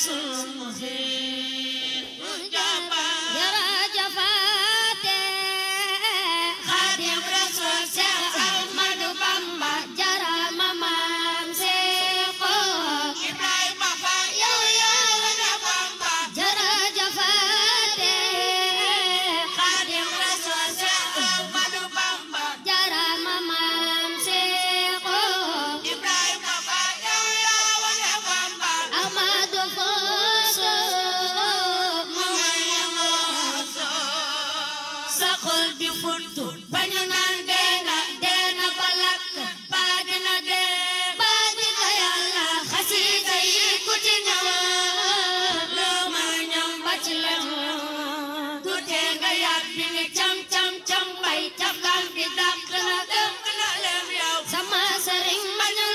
सुहे ci les du tee nga yàgg bi ni cam cam cam bay cam laan bi dàq na dëkk na leem yow sama sëriñ ma ñu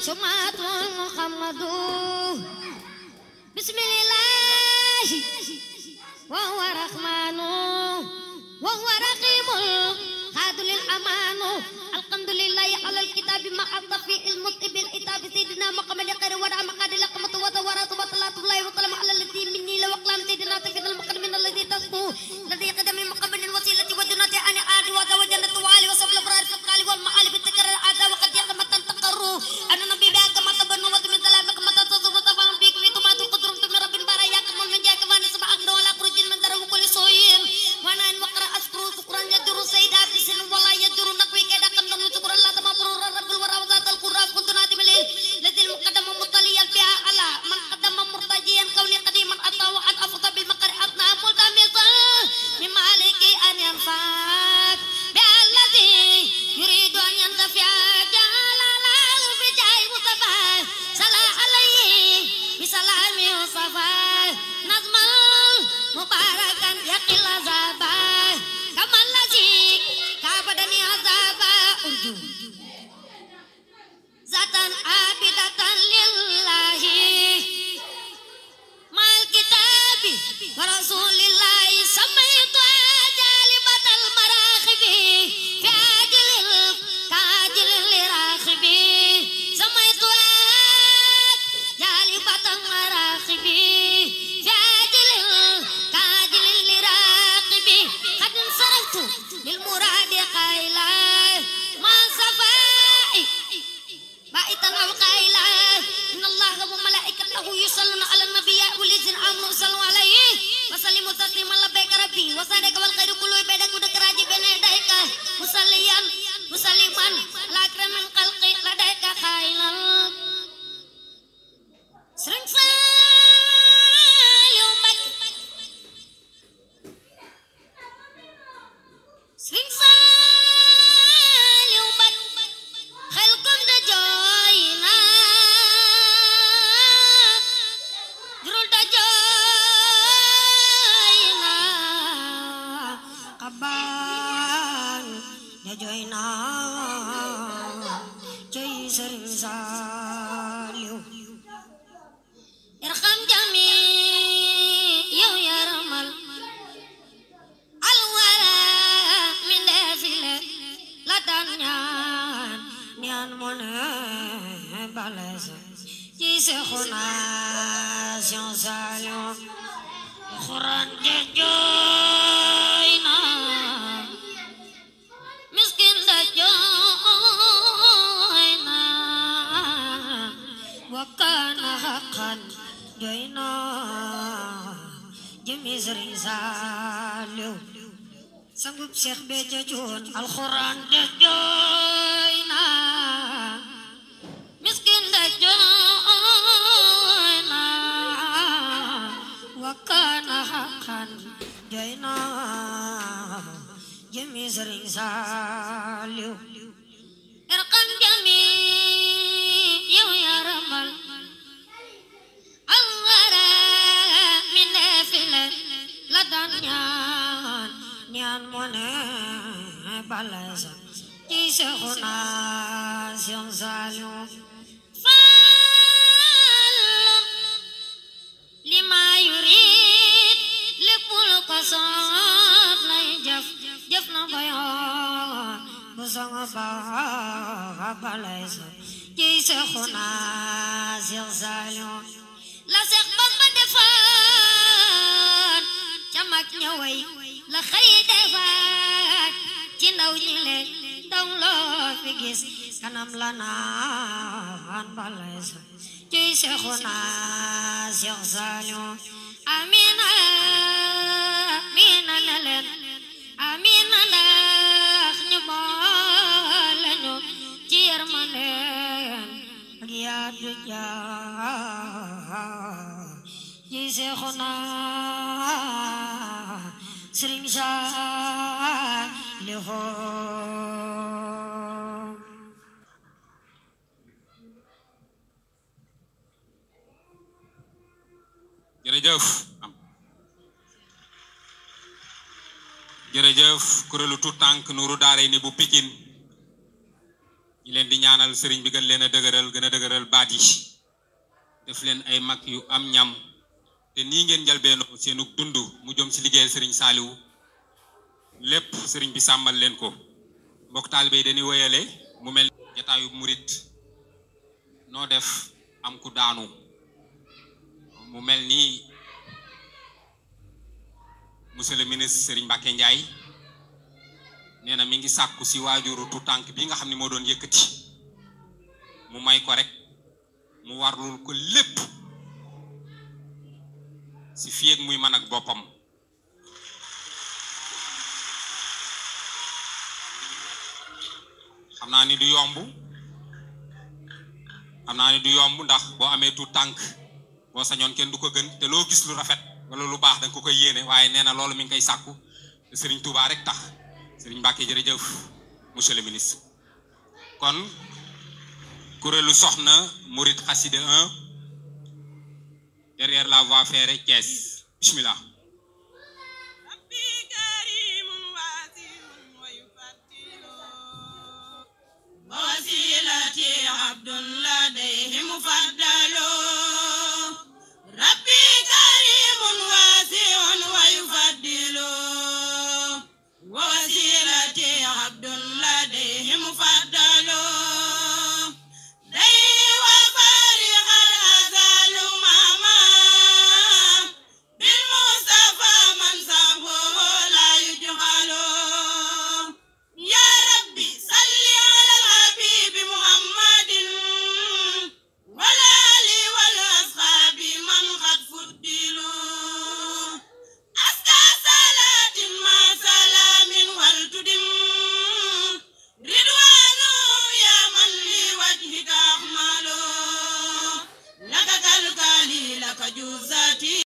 سمعت محمد بسم الله وهو رحمن وهو رقيم خاد للأمان الحمد لله على الكتاب ما حط في المطيب الكتاب سيدنا مقام لقر ورع مقاد لقمة وتورات وصلاة الله وسلام على الذي مني لوقلام سيدنا سيد المقر من الذي تصفو الذي قد kajilil Wasalamualaikum warahmatullahi wabarakatuh. jooy naa jooy sëriñ Saaliw irxam jami yow yaramal alwara mi ndefile la daan ñaan ñaan mu ne balasa ci Seexuna Saaliw Alxuraan وكان حقا دينا جمي سري سالو سنگوب شيخ بيجا جون القرآن دجوينا مسكين دجوينا وكان حقا دينا جمي سري سالو ارقم جميل nyan nyan mone balasa chi se khona sion salum falun lima yurid lekul kasab lai jaf jaf na bayo busang ba balasa chi se khona sion salum la sekh bak ba defa ca mag ña way la xëy defaat ci ndaw ñi le daw loo fi gis kanam la naan balees ci seexu naa seex saaliu amina amina na leen amina ndax ñu boole ñu ci yërmande ak yaatu jaa ci seexu naa sëriñ jërëjëf jërëjëf kuréelu tout tànk Nuuru Daarayni bu Pikin ñi leen di ñaanal sëriñ bi gën leen a dëgëral a dëgëral baat yi def leen ay mag yu am ñam te ni ngeen njëlbeenoo seenug dundu mu jom ci liggéey serigne Saaliwu lepp serigne bi samal len ko mbok talibé dañi woyalé mu mel jataayu murit no def am ku daanu mu mel nii monsieur le ministre Serigne Mbacké ndjay néna mi ngi sakku si wajuru tout tank bi nga xamni mo doon yëkëti mu may ko rek mu warul ko lepp si fii muy man ak boppam xam naa ni du yomb xam naa ni du yomb ndax boo amee tu tànk boo sañoon kenn du ko gën te loo gis lu rafet wala lu baax danga ko koy yéene waaye nee na loolu mi ngi koy sàkku te Serigne Touba rek tax Serigne Mbacke jërëjëf monsieur ministre kon kuréelu soxna Mouride Xaside 1 la voie ferrée Caisse. Bismillah.